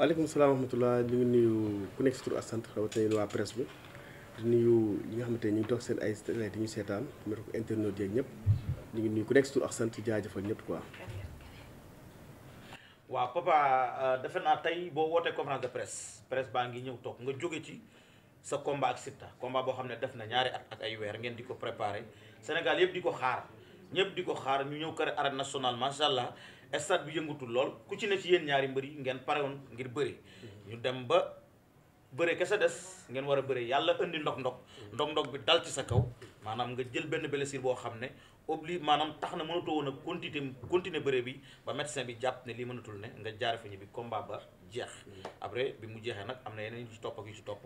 waaleykum salaam wa rahmatulah ngi nuyu ku nekk si tur ak sant rawatina waa bi di ñi nga xamante ne ñu ngi toog seen ay télé di ñu seetaan mel ko internet yeeg ñëpp ñu ngi nuyu ku nekk si tur ak jaajëfal ñëpp quoi. waaw papa euh, defe naa tey boo wootee conférence de presse presse baa ngi ñëw toog nga jóge ci sa combat ak Siteu combat boo xam ne def na ñaari at ak ay weer ngeen di ko préparé Sénégal yëpp di ko xaar ñëpp di ko xaar ñu ñëw kër arène nationale macha allah. stade bi yëngutul lool ku ci ne ci yéen ñaari mbër yi ngeen parewoon ngir bëri ñu dem ba bëre kese des ngeen war a bëre yàlla indi ndog-ndog ndog-ndog bi dal ci sa kaw maanaam nga jël benn blessure boo xam ne obli maanaam tax na mënatoo woon a continuer continuer bëre bi ba médecin bi jàpp ne lii mënatul ne nga jaar fa ñibbi combat ba jeex après bi mu jeexee nag am na yeneen yu ci topp ak yu si topp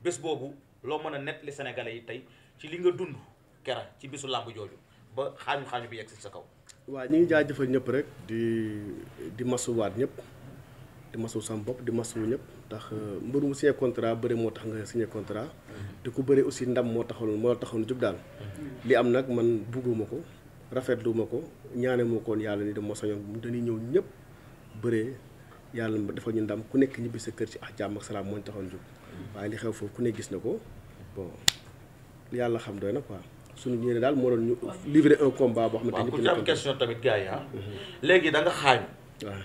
bés boobu loo mën a nettali sénégalais yi tey ci li nga dund kera ci bésu làmb jooju ba xaañu bi yegg si sa kaw waa ñu ngi jaajëfal ñëpp rek di di masuwaat ñëpp di masu sam bopp di masu ñëpp ndax euh, mbër mu signé contrat bëri moo tax nga signé contrat te ku bëri aussi ndam moo taxoon moo taxoon jub daal li am nag man bugguma ko rafetlu ma ko ñaane moo koon yàlla ni dama sañoon dañuy ñëw ñëpp bëree yàlla dafa ñu ndam ku nekk ñibbi sa kër ci ah jàmm ak salaam moo ñu taxoon jub waaye li xew foofu ku ne gis na ko bon yàlla xam doy na quoi suñu yéene daal moo doon ñu livrer un combat boo xamante ni. ku ci am tamit gars yi ah. Mm-hmm. léegi da nga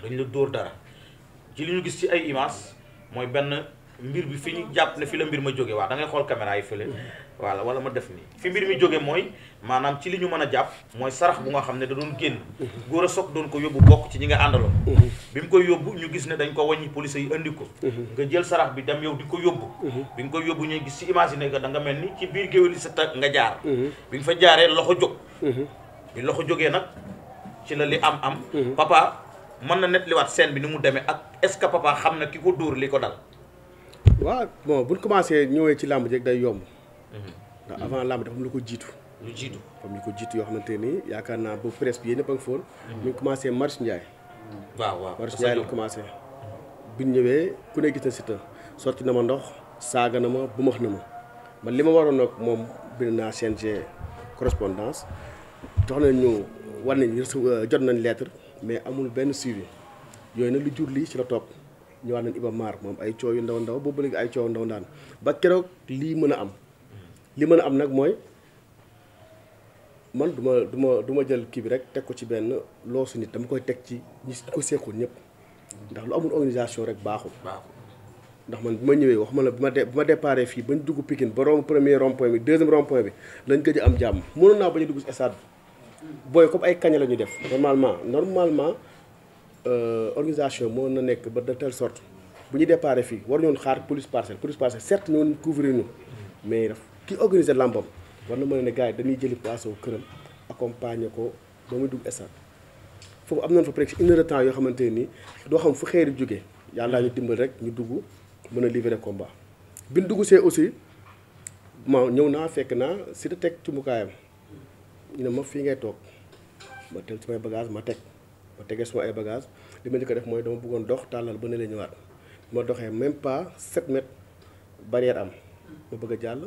dañu la dóor dara ci li ñu gis ci ay images mooy benn. mbir bi fi ñu jàpp ne fi la mbir ma jóge waa da ngay xool caméra yi fële voilà wala ma def nii fi mbir mi jóge mooy maanaam ci li ñu mën a jàpp mooy sarax bu nga xam ne da doon génn góor a soog doon ko yóbbu bokk ci ñi nga àndaloon bi mu koy yóbbu ñu gis ne dañ ko wàññi police yi indi ko nga jël sarax bi dem yow di ko yóbbu bi nga koy yóbbu ñuy gis ci imaginer que da nga mel ni ci biir géwél yi sa tag nga jaar bi nga fa jaaree loxo jóg bi loxo jógee nag ci la li am am papa mën na nettaliwaat scène bi ni mu demee ak est ce que papa xam na ki ko dóor li ko dal waaw bon bu ñu commencé ñëwee ci làmb jeeg day yomb. Mhm. ndax avant làmb dafa am lu ko jiitu. lu jiitu comme lu ko jiitu yoo xamante ni yaakaar naa ba presse bi yéen a ba mu foon. Mhm. ñu ngi commencé marche Ndiaye. waaw waaw marche Ndiaye la commencé. bu ñu ñëwee ku ne gis na Siteu sotti na ma ndox saaga na ma bu max na ma man li ma waroon nag moom bind naa CNG correspondance jox nañ ñu war nañ euh, jot nañ lettre mais amul benn suivi yooyu nag lu jur lii ci la topp. ñëwaat nañ Iba Mar moom ay coow yu ndaw ndaw boobu léegi ay coow ba keroog lii mën a am li mën a am nag mooy man du du ma du jël kii bi rek teg ko ci benn loosu nit dama koy teg ci ñi ko sequl ñëpp ndax lu amul organisation rek baaxul ndax man bi ma ñëwee wax ma la ma de bi ma déparé fii bañ dugg Pikine ba rond premier rond bi deuxième rond bi lañ gëj am jàmm mënoon naa bañ a dugg si stade bi booy comme ay kaña la ñu def normalement normalement Euh, organisation moo na nekk ba de tell sorte bu ñu déparé fii war ñoon xaar police parcelle police parcelle certes ñoon couvrir ñu mais daf ki organiser làmbam war na mën a ne gars yi dañuy jëli place wu këram accompagner ko ba muy dugg stade foofu am nañ fa presque une heure temps yoo xamante nii doo xam fu xeeri jógee yàlla ñu dimbal rek ñu dugg mën a livrer combat bi ñu dugg see aussi ma ñëw naa fekk naa si te teg ci mbukaayam ñu ne ma fii ngay toog ma tel ci ma teg ma suma ay bagage li ma njëkk a def mooy dama bëggoon dox tàllal ba ne la ñëwaat ma doxee même pas 7 mètres barrière am ma bëgg a jàll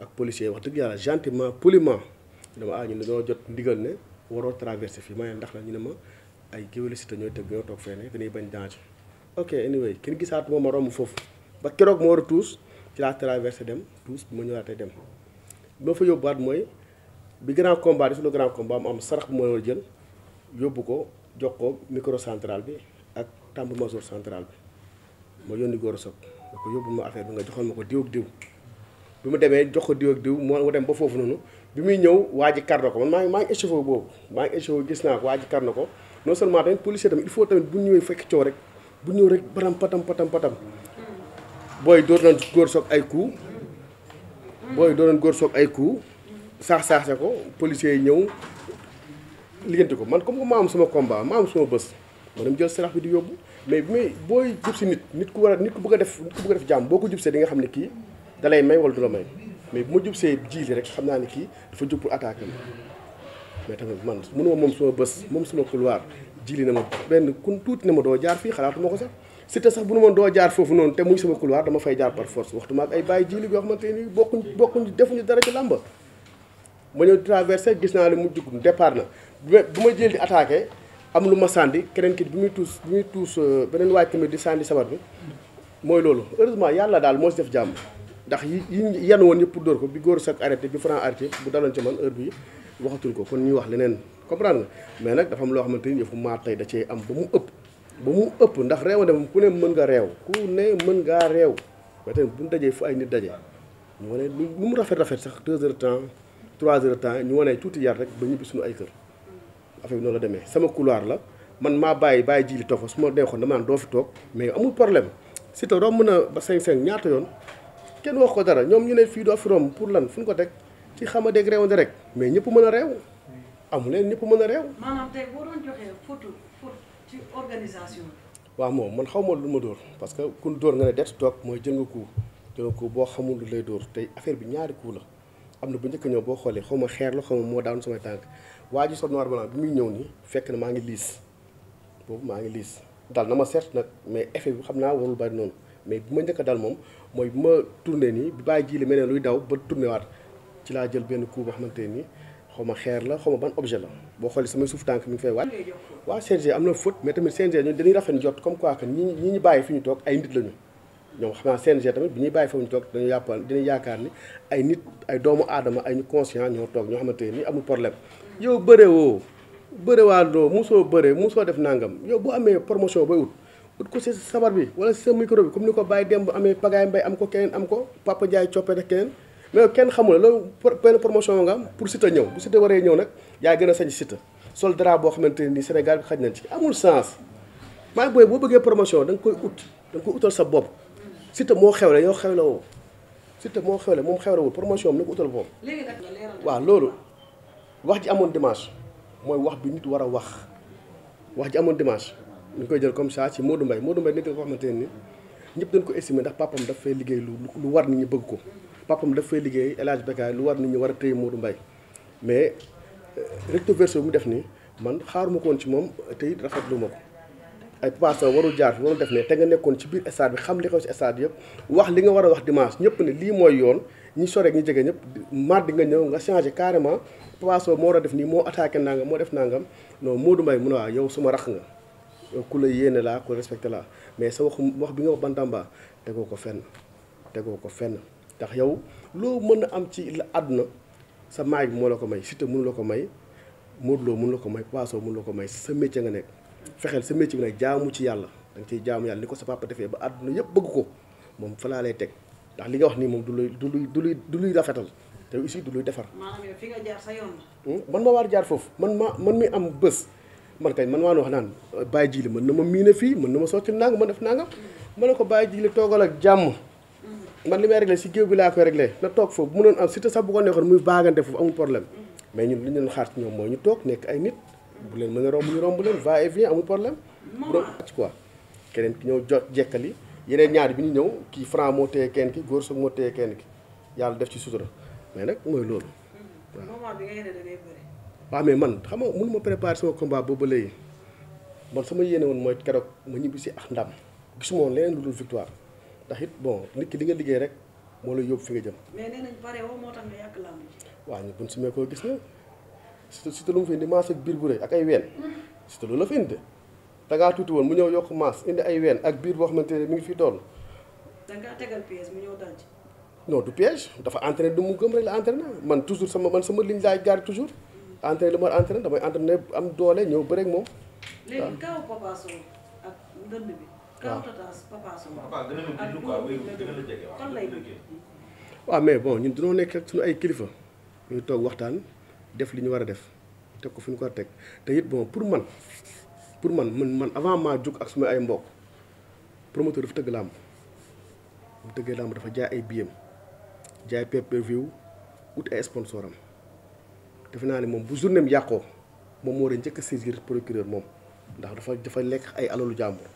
ak policier wax dëgg yàlla gentiment poliment dama ñu ne ah, dañoo jot ndigal ne waroo traversé fii ma ne ndax la ñu ne ma ay géwélu Cité ñooy tëgg ñoo toog feene dañuy bañ danger ok anyway kenn gisaatuma ma romb foofu ba keroog ma war a tuus ci laa traversé dem tuus bi ma ñëwaatee dem bi ma fa yóbbuwaat mooy bi grand combat di sunu grand combat yóbbu ko jox ko micro central bi ak tambour major central bi ma yónni góor a soog da ko yóbbu ma affaire bi nga joxoon ma ko diw ak diw bi mu demee jox ko diw ak diw moo dem ba foofu noonu bi muy ñëw waa ji kar na ko man maa ngi maa ngi boobu maa ngi échauffé gis naa ko waa kar na ko non seulement tamit policier tamit il faut tamit bu ñëwee fekk coow rek bu ñëw rek baram patam patam patam booy door nañ góor soog ay coup booy door nañ góor ay coup saax saaxe ko policier yi ñëw liggante ko man comme ma am suma combat ma am sama bës ma dem jël sarax bi di yóbbu mais bi may booy jub nit nit ku war a nit ku bëgg def nit ku def jàmm boo ko jub di nga xam ne kii da may wala du la may see jiili rek xam naa ne kii dafa jub pour attaquer mais tamit man mënuma moom sama bës moom sama couloir jiili na ma benn kun tuuti na ma doo jaar fii xalaatuma ko sax Siteu sax bu nu moon doo jaar foofu noonu te muy sama couloir dama fay jaar par force ak ay bàyyi jiili yoo xamante ni bokkuñ bokkuñ defuñu dara ci làmba ma ñëw traversé gis naa ne mu jug départ na bu ma jël di attaqué am lu ma sànni keneen ki bu muy tuus bu muy tuus euh, beneen waay tamit di sànni sabar bi mooy loolu heureusement yàlla daal moo si def jàmm ndax yi yi yan woon yëpp door dóor ko bi góor sax arrêté bi franc arrêté bu daloon ci man heure bi waxatul ko kon ñuy wax leneen comprendre nga mais nag dafa am loo xamante ni yëfu maa tey da cee am ba mu ëpp ba mu ëpp ndax réew dem ku ne mën nga reew ku ne mën ngaa reew waaye bu ñu dajee fu ay nit daje ñu wane lu mu rafet rafet sax deux heures temps trois heures temps ñu wane tuuti yar rek ba ñibbi suñu ay kër affaire bi noonu la demee sama couloir la man maa bàyyi bàyyi ji li toog fa su ma neexoon dama naan doo fi toog mais amul problème Siteu romb na ba 5-5 ñaata yoon kenn wax ko dara ñoom ñu fii doo fi romb pour lan fu ñu ko teg ci xam a dégg rek mais ñëpp mën a réew amu leen ñëpp mën a réew. maanaam moom man xaw ma lu ma dóor parce que ku dóor nga ne det toog mooy jël nga ko jël nga ko boo xamul lu lay dóor tey affaire bi ñaari coup la am na bu njëkk ñëw boo xoolee xaw ma xeer lu xaw moo daanu samay tànk. waa ji sol noir blanc bi muy ñëw nii fekk na maa ngi liis boobu maa ngi liis dal na ma seet nag mais effet bi xam naa warul bari noonu mais bi ma njëkk a dal moom mooy bi ma tourné nii bi bàyyi ji li ne luy daw ba tourné waat ci laa jël benn coup boo xamante nii xaw ma xeer la xaw ma ban objet la boo xoolee samay suuf tànk mi ngi fay waat waaw CNG am na faute mais tamit CNG ñun dañuy jot comme quoi que ñi ñi ñu bàyyi fi ñu toog ay nit lañu ñoom xam naa CNG tamit bi ñuy bàyyi fa ñu toog dañu yàpp dinañ yaakaar ni ay nit ay doomu aadama ay ñu conscient ñoo toog ñoo xamante ni amul problème yow bëre woo bëre waa doo musoo bëre musoo def nangam yow bu amee promotion bay ut ut ko si bi wala si sa comme ni ko bàyyi dem bu amee pagaay mbay am ko keneen am ko papa jaay coppe rek mais kenn xamul loolu benn promotion nga am pour Siteu ñëw bu Siteu waree ñëw nag yaa gën sañ Siteu sol drap boo xamante ni Sénégal bi xaj ci amul sens maa ngi boo bëggee promotion da nga ut da nga utal sa bopp Siteu moo xewle yow xewle woo Siteu moo xewle moom xewlewul promotion am na ko utal bopp waa loolu wax ji amoon dimanche mooy wax bi nit war a wax wax ji amoon dimanche ñu koy jël comme ça ci Modou Mbaye Modou Mbaye nit ko xamante ne ni ñëpp dañ ko estimer ndax papam daf fay liggéey lu lu war nit ñu bëgg ko papam daf fay liggéey El Hadj Bécaye lu war nit ñu war a téye Modou mbay mais euh, recto verso bu mu def ni man xaaruma ko woon ci moom tey rafet rafetlu ma ko ay Papa warul jaar fi warul def ne te nga nekkoon ci biir stade bi xam li xew ci stade yëpp wax li nga war a wax dimanche ñëpp ne lii mooy yoon ñi sore ak ñi jege ñëpp mardi nga ñëw nga changé carrément Papa moo war a def nii moo attaqué nangam moo def nangam non Modou Mbaye may ne waaw yow suma rax nga ku la yéene laa ku respecté la mais sa wax wax bi nga wax Bantamba tegoo ko fenn tegoo ko fenn ndax yow loo mën a am ci la àdduna sa maay bi moo la ko may Siteu mënu la ko may Modou Lo mënu la ko may Papa Sow mënu la ko may sa métier nga nekk fexeel sa métier bi nag jaamu ci yàlla da nga ciy jaamu yàlla ni ko sa papa defee ba àdduna yëpp bëgg ko moom fa laa lay teg ndax li nga wax nii moom du luy du luy du luy du luy rafetal te aussi du luy defar. maanaam yow fi sa yoon. Hmm? man ma waar jaar foofu man ma man mi am bés man kay man maa wax naan bàyyi ji li mën na ma miine fii mën na ma sotti nangam ma def nangam hmm. ma ne ko bàyyi ji li toogal ak jàmm. Hmm. man li may réglé si géew bi laa koy réglé na toog foofu bu mënoon am surtout sax bu neexoon ñu toog nekk ay nit bu leen mën a romb ñu romb leen va et vient amul problème. ci keneen ki ñëw jot jekkali yeneen ñaari bi ñu ñëw kii franc moo téye kenn ki góor soog moo téye kenn ki yàlla def ci sutura mais nag mooy loolu. Hmm. moment bi nga man xam nga mënu ma préparer sama combat boobu ba léegi man sama yéene woon mooy keroog ma ñibbi si ak ndam gisuma woon leneen lu dul victoire ndax it bon nit ki li nga liggéey rek moo la yóbbu fi nga jëm. mais nee nañ pare woo moo tax gis nga. Siteu Siteu lu mu fi indi maas ak biir bu rëy ak ay ween Siteu loolu la fi indi da tuuti woon mu ñëw yokk maas indi ay ween ak biir boo xamante ne mu ngi fi tool da ngaa tegal dafa entraîné du mu gëm rek la man toujours sama man sama ligne laay gaari toujours. entraîné lu ma entraîné am doole ñëw bëreeg moom. léegi kaw Papa Sow ak ndënd bi. waaw mais bon ñun dañoo nekk suñu ay kilifa ñu toog waxtaan def li ñu war a def teg ko fi ñu ko teg te it bon pour man pour man man man avant maa jug ak suma ay mbokk promoteur dafa tëgg làmb bu tëggee làmb dafa jaay ay billets jaay pay-per-view ut ay sponsor am defe naa ne moom bu journée am yàqoo moom moo a njëkk a saisir procureur moom ndax dafa dafa lekk ay alalu jàmbur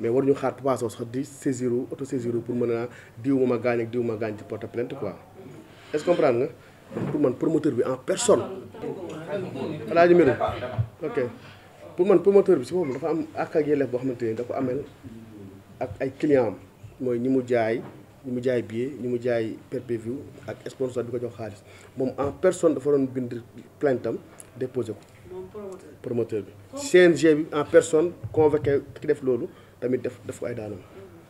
mais waruñu xaar Papa Sow sax di saisiru auto saisiru pour mën a diw ma ma gaañ ak diw ma gaañ ci porte plainte quoi est-ce que nga. pour man promoteur bi en personne alaaji Mbiré ok pour man promoteur bi si boppam dafa am ak ak boo xamante ne dafa ameel ak ay client mooy ñi mu jaay ñi mu jaay billet ñi mu jaay pay view ak sponsor bi ko jox xaalis moom en personne dafa doon bind plainte am déposé ko promoteur bi CNG bi en personne convoqué ki def loolu tamit def def ko ay daanam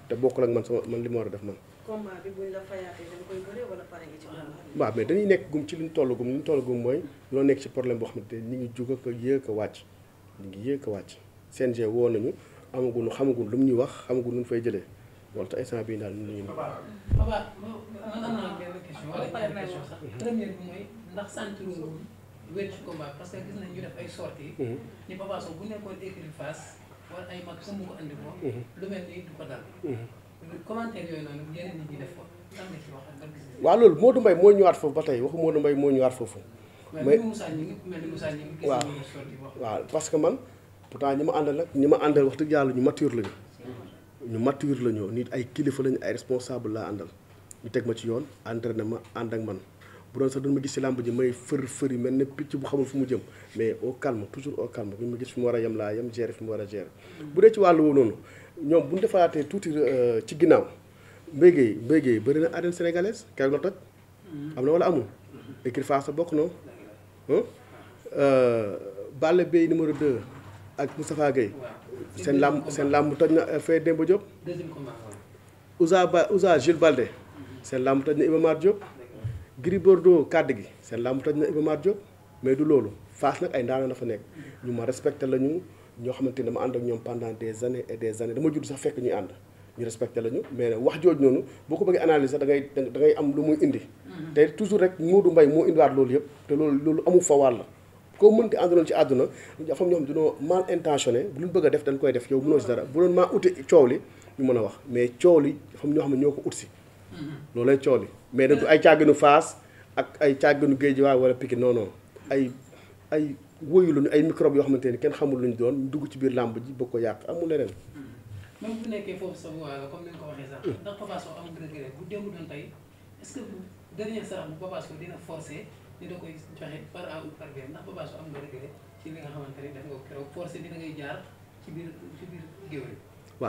te bokkul ak man sama man li ma war a def man combat bi dañuy nekk gum ci luñ toll gum luñ toll gum mooy loo nekk ci problème boo xamante ni ñu ngi jug ak yéeg a wàcc a wàcc CNG woo lu mu ñuy wax xamaguñu lu mu fay jëlee loolu te instant bii bu nekkoon écurie Fass wala ay mag su mu ko ko. Mhm. lu mel ni du ko dal. Mhm. commentaire yooyu noonu yeneen nit ñi def ko moo ñëwaat foofu ba tey waxu Modou Mbaye moo ñëwaat foofu. mais Moussa Gningue mel ni Moussa Gningue. parce que man pourtant ñi ma àndal nag ñi ma àndal wax dëgg yàlla ñu mature lañu. ñu mature lañu nit ay kilifa lañu ay responsable laa àndal ñu teg ci yoon entraîné ma ànd ak man. bu doon sax doon ma gis ci làmb ji may fër fëri mel ne picc bu xamul fu mu jëm mais au calme toujours au calme bu ñu gis fi mu war a yem laa yem gérer fi mu war a gérer mm. bu dee ci wàllu woowu noonu ñoom bu ñu defaatee tuuti euh, ci ginnaaw mbéygéey mbéygéey bëri na arène sénégalaise keroog la toj. Mm-hmm. am na wala amul. Mm-hmm. écurie Fass a bokk noonu. Euh, Balla Beye numéro 2 ak Moustapha Gueye. seen làmb seen làmb toj na Faye Demba Diop. deuxième combat Ousa Ba Ousa Jules Balde. Mm-hmm. seen làmb toj na Iba Mar Diop. kàdd gi seen lamb toj na Iba Mar mais du loolu Fass nag ay ndaana fa nekk ñu ma respecté la ñu. ñoo xamante ne dama ànd ak ñoom pendant des années et des années dama judd sax fekk ñuy ànd ñu respecté la mais wax jooju noonu boo ko bëggee analyser da dangay da ngay am lu muy indi. Mm-hmm. te toujours rek Modou mbay moo indiwaat loolu yëpp te loolu loolu amul fa wàll. koo mënti àndaloon ci àdduna dafa am ñoo xam dañoo mal intentionné bu ñu bëgg def dañ koy def yow mënoo si dara bu doon maa uti coow li ñu mën a wax mais coow li dafa am ñoo xam ne ñoo ko ut si. Mm-hmm. loolu lay coow li mais nag du ay càgginu Fass ak ay càgginu Guédiawaye wala Pikine non ay ay. wóyu lañu ay microbe yoo xamante ni kenn xamul luñ doon dugg ci biir làmb ji bëgg ko yàq amul leneen. Hmm. même nekkee foofu sa voie la comme ni nga sax. ndax Papa Sow amul regret que bu regret ci li nga xamante ne def ko keroog forcer bi ngay jaar ci biir ci biir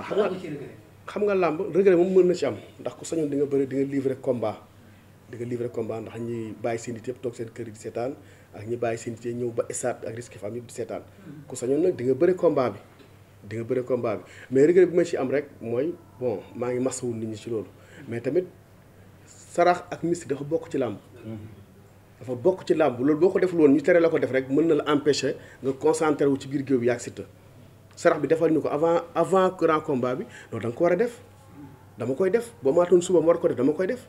xam nga xam nga làmb regret moom mën na ci am ndax ku sañoon di bëri di livre livrer combat di nga ndax ñuy bàyyi seen nit yëpp toog seen kër gi seetaan ak ñi bàyyi seen tey ñëw ba esaat ak risque femme yëpp di seetaan ku sañoon nag di nga bëri combat bi di nga bëri combat bi mais regret bi ma ci am rek mooy bon maa ngi masawu nit ñi ci loolu mais tamit sarax ak mystique dafa bokk ci làmb dafa bokk ci làmb loolu boo ko deful woon ñu tere la ko def rek mën na la empêcher nga concentré wu ci biir géew bi yàgg Siteu sarax bi defal ñu ko avant avant grand bi loolu da ko war a def dama koy def boo maatoon suba ma war ko dama koy def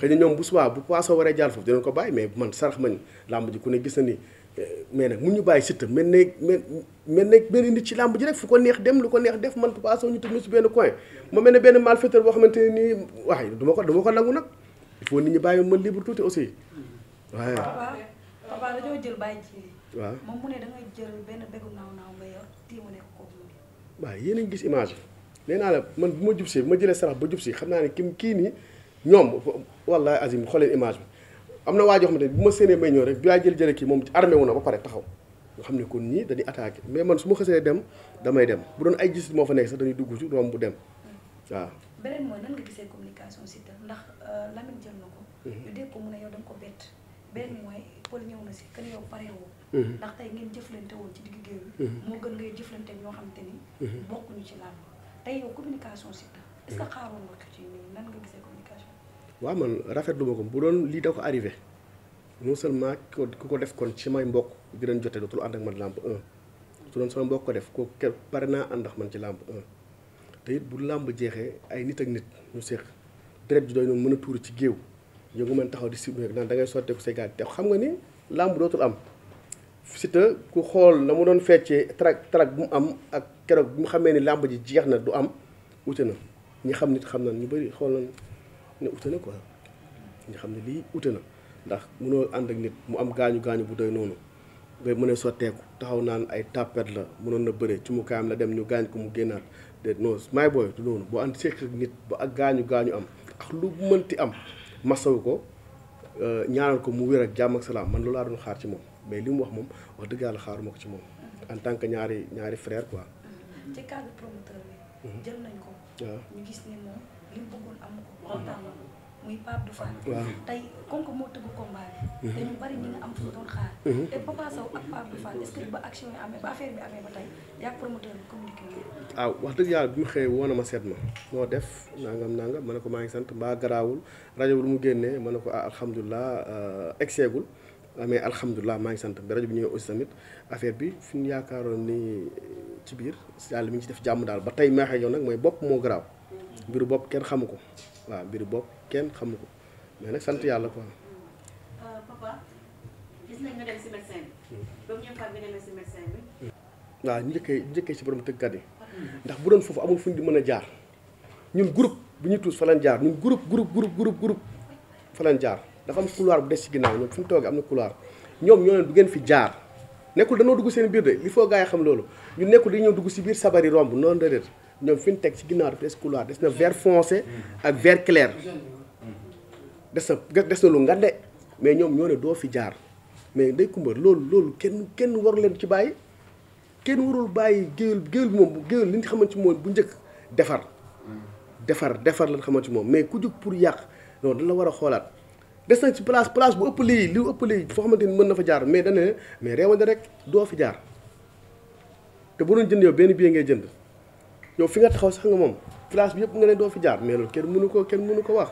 xëy na ñoom bu subaa bu paasoo waree jaar foofu dinañ ko bàyyi mais man sarax mañ làmb ji ku ne gis na ni eh, mais na mun ñu bàyyi Siteu mel ne mel mel benn nit ci làmb ji rek fu ko neex dem lu ko neex def man paasoo ñu tëj ñu si benn coin ma mel ne benn malfaiteur boo xamante ne nii waaye du ma ko du ma ko nangu nag il faut nit ñi bàyyi ma libre tuuti aussi waaye. papa dañoo jël bàyyi ji. waaw ne waaw yéen a gis image yi naa la man bu ma jub bu ma jëlee sarax ba jub si xam naa ne kim kii nii ñoom wallahi azim xooleen image bi am na waa joo xam ne bu ma séenee may ñëw rek bi waay jël jële ki moom armé wu na ba pare taxaw nga xam ne kon ñii dañuy attaqué mais man su ma xasee dem damay dem bu doon ay gis moo fa nekk sax dañuy dugg ci romb bu dem waaw. si ndax euh, Lamine jël na ko. ñu mhm. mhm. digg géew mhm. moo gën ngay jëflante ñoo xam te ni. bokkuñu ci làmb tey yow communication si est ce xaaroon nga ko ci nan nga gisee ko. waaw man rafetlu ma ko bu doon lii da ko arrivé non seulement ku ko def kon ci may mbokk di leen jote dootul ànd ak man làmb 1 su doon mbokk ko def ko ke pare naa ànd man ci làmb te it bu làmb jeexee ay nit ak nit ñu séq deret ji doy noonu mën a tuuri ci géew yow nga mën taxaw di sib naan da ngay sotteeku say gars te xam nga ni làmb dootul am Siteu ku xool na mu doon feccee track track bu mu am ak keroog bu mu xamee ni làmb ji jeex na du am wute na ñi xam nit xam na ñu bëri xool nañ ne ute na quoi nga xam ne lii ute na ndax mënoo ànd ak nit mu am gaañu gaañu bu doy noonu nga mën sotteeku taxaw naan ay tàppet la mënoon na bëre ci mu kaayam la dem ñu gaañ ko mu génnaat déet non may booy du noonu boo ànd seq ak nit ba ak gaañu gaañu am ak lu mënti am masawu ko euh, ñaanal ko mu wér ak jàmm ak salaam man loolu laa doon xaar ci moom mais li mu wax moom wax dëgg yàlla xaaruma ko ci moom en tant que ñaari ñaari frère quoi. Mhm. ko. waaw ah. waaw mhm. mhm. ah, wax dëgg yàlla bi mu xëyee woo na ma set ma noo def nangam nangam ma ne ko maa ngi sant mbaa garaawul rajo bi lu mu génnee ma ne ko ah alhamdulilah euh, egseegul. Ah, mais alhamdulilah maa ngi sant bi rajo bi ñëwee aussi tamit affaire bi fi ñu yaakaaroon ni ci biir yàlla mi ngi ci def jàmm daal ba tey maa yow nag mooy bopp moo garaaw mbiru bopp kenn xamu ko waaw mbiru bopp kenn xamu ko mais nag sant yàlla quoi. Euh, papa gis nañ nga dem si médecin bi. Hmm. Hmm. njëkkee njëkkee si borom tëggkat yi ndax bu doon foofu amul fu ñu di mën a jaar ñun groupe bu ñu tuus fa jaar ñun groupe groupe groupe groupe groupe fa lañ jaar dafa am couloir bu des si ginnaaw ñoom fi mu am na couloir ñoom ñoo leen du ngeen fi jaar nekkul danoo dugg seen biir de il faut gars yi xam loolu ñu nekkul dañoo dugg si biir sabari romb noonu la ñoom fi ñu teg ci ginnaaw dafa des couloir des na vert foncé ak vert clair des na des na lu ngande mais ñoom ñoo ne doo fi jaar mais day kumba loolu loolu kenn kenn waru leen ci bàyyi kenn warul bàyyi géwél géwél bi moom géwél li nga xamante moom bu njëkk defar defar defar lañ xamante moom mais ku jóg pour yàq non dañ la war a xoolaat des na ci place place bu ëpp lii li ëpp lii foo xamante ni mën na fa jaar mais dana ne mais réewande rek doo fi jaar te bu doon benn billet ngay jënd yow fi nga taxaw sax nga moom village bi yëpp nga ne doo fi jaar mais loolu kenn mënu ko kenn mënu ko wax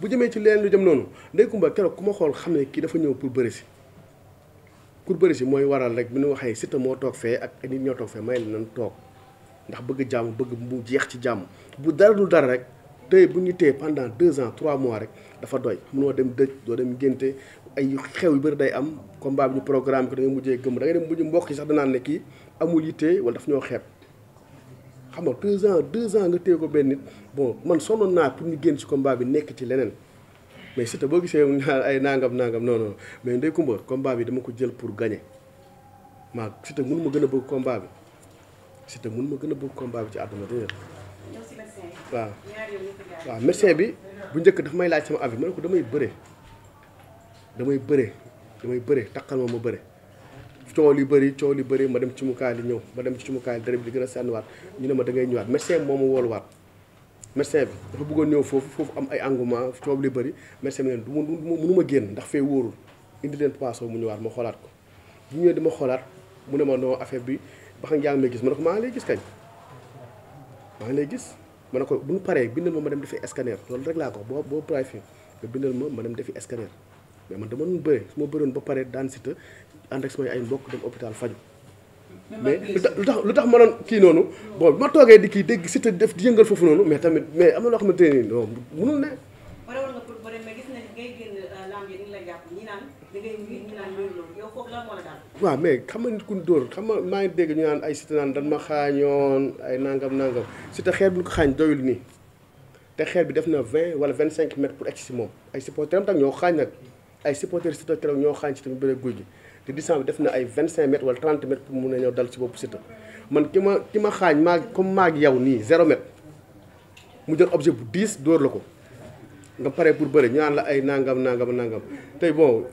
bu jëmee ci leen lu jëm noonu Ndeye Comba keroog ku ma xool xam ne kii dafa ñëw pour bëri si pour bëri si mooy waral rek bi ñu waxee Siteu moo toog fee ak nit ñoo toog fee may la toog ndax bëgg jàmm bëgg mu jeex ci jàmm bu dara dul dara rek tey bu ñu téye pendant deux ans mois rek dafa doy mënoo dem dëj doo dem ngénte ay xew yu bëri day am combat bi ñu programme ko da nga mujjee gëm da nga dem mujj yi sax danaan ne kii amul yitte wala dafa ñoo xeeb xam nga deux ans deux ans ko benn nit bon man sonnoon naa pour ñu génn si combat bi nekk ci leneen mais Siteu boo gisee ay nangam nangam non mais Ndeye Comba combat bi dama ko jël pour gagner maa Siteu mënu ma gën a bëgg combat bi Siteu mënu ma gën a bëgg combat bi ci àdduna déedéet. waaw waaw médecin bi bu njëkk daf may laaj sama avis ma ne ko damay bëre damay bëre damay bëre takkal ma ma bëre. coow li bëri coow li bëri ma dem ci mukaay li ñëw ma dem ci mukaay li dara bi di gën a sànniwaat ñu ne ma da ngay ñëwaat médecin moomu ma médecin bi dafa bëggoon ñëw foofu foofu am ay engouement coow li bëri médecin bi ne du ma mënu ma génn ndax fee wóorul indi leen Papa Sow mu ñëwaat ma xoolaat ko bu ñëwee dama xoolaat mu ne ma non affaire bi ba xam yaa ngi may gis ma ne ko maa ngi lay gis kañ maa ngi lay gis ma ne ko bu mu paree bindal ma ma dem defi scanner loolu rek laa ko boo boo paree fii nga ma ma dem defi scanner mais man dama doon bëre su ma bëroon ba pare daan Siteu ànd ak samay ay mbokk dem hôpital faju mais lu tax lu tax ma doon kii noonu bon ma toogee di kii dégg Siteu def di yëngal foofu noonu mais tamit mais am loo xamante ne nii mënul ne. mais gis nañ ku dóor xam maa ngi dégg ñu naan ay Siteu naan ma xaañoon ay nangam nangam Siteu xeer bu ñu ko xaañ doyul nii te xeer bi def na vingt wala vingt cinq mètres pour egg si moom ay supporters am ñoo xaañ nag ay supporters Siteu keroog ñoo xaañ si tamit bëre guy gi te distance bi def na ay vingt cinq mètres wala trente mètres pour mun a ñëw dal ci bopp Siteu man ki ma ki ma xaañ maa comme maa ngi nii zéro mètre mu jël objet bu diis dóor la ko nga pare pour bëre ñaan la ay nangam nangam nangam tey bon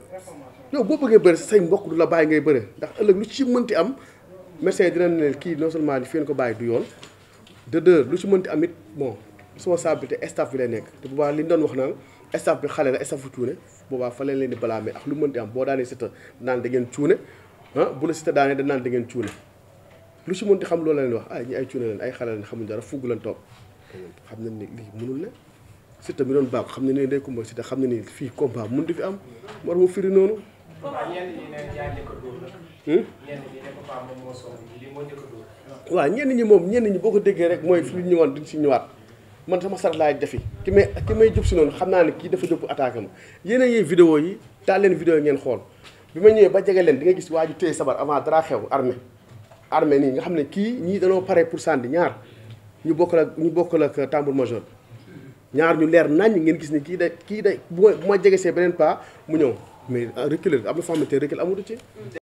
yow boo bëggee bëre say mbokk du la bàyyi ngay bëre ndax ëllëg lu ci mënti am médecin yi dinañ ne kii non seulement fi ngeen ko bàyyi du yoon de lu ci mënti am it bon responsabilité staff bi lay nekk te bu baax staff bi xale la staffu cuune boobaa fa leen leen di blâmer ak lu mën di am boo daanee Siteu naan da ngeen cuune ah, bu la Siteu daanee da naan da ngeen cuune lu si mën di xam loolu leen wax ah ay cuune leen ay xale leen xamuñ dara fugg leen toog xam nañ ne lii mënul ne Siteu xam ne nii day kumba Siteu xam ne nii fii combat mun di fi am war mu firi noonu a la. ne papa moom moo song lii a dóor. waaw ñenn ñi moom ñenn ñi boo ko déggee rek mooy fi ñu ñëwaat duñ si ñëwaat. man sama sar laay defi ki may ki may jub si noonu xam naa ne kii dafa jëpp attaque ma yéen a yee vidéo yi taal leen vidéo yi ngeen xool bi ma ñëwee ba jege leen di nga gis waa ju téye sabar avant dara xew armée armée nii nga xam ne kii ñii danoo pare pour sànni ñaar ñu bokk ak ñu bokkal ak tambour major ñaar ñu leer naññ ngeen gis ni kii day kii day bu ma bu see beneen pas mu ñëw mais reculer am na te xamante recul amatu ci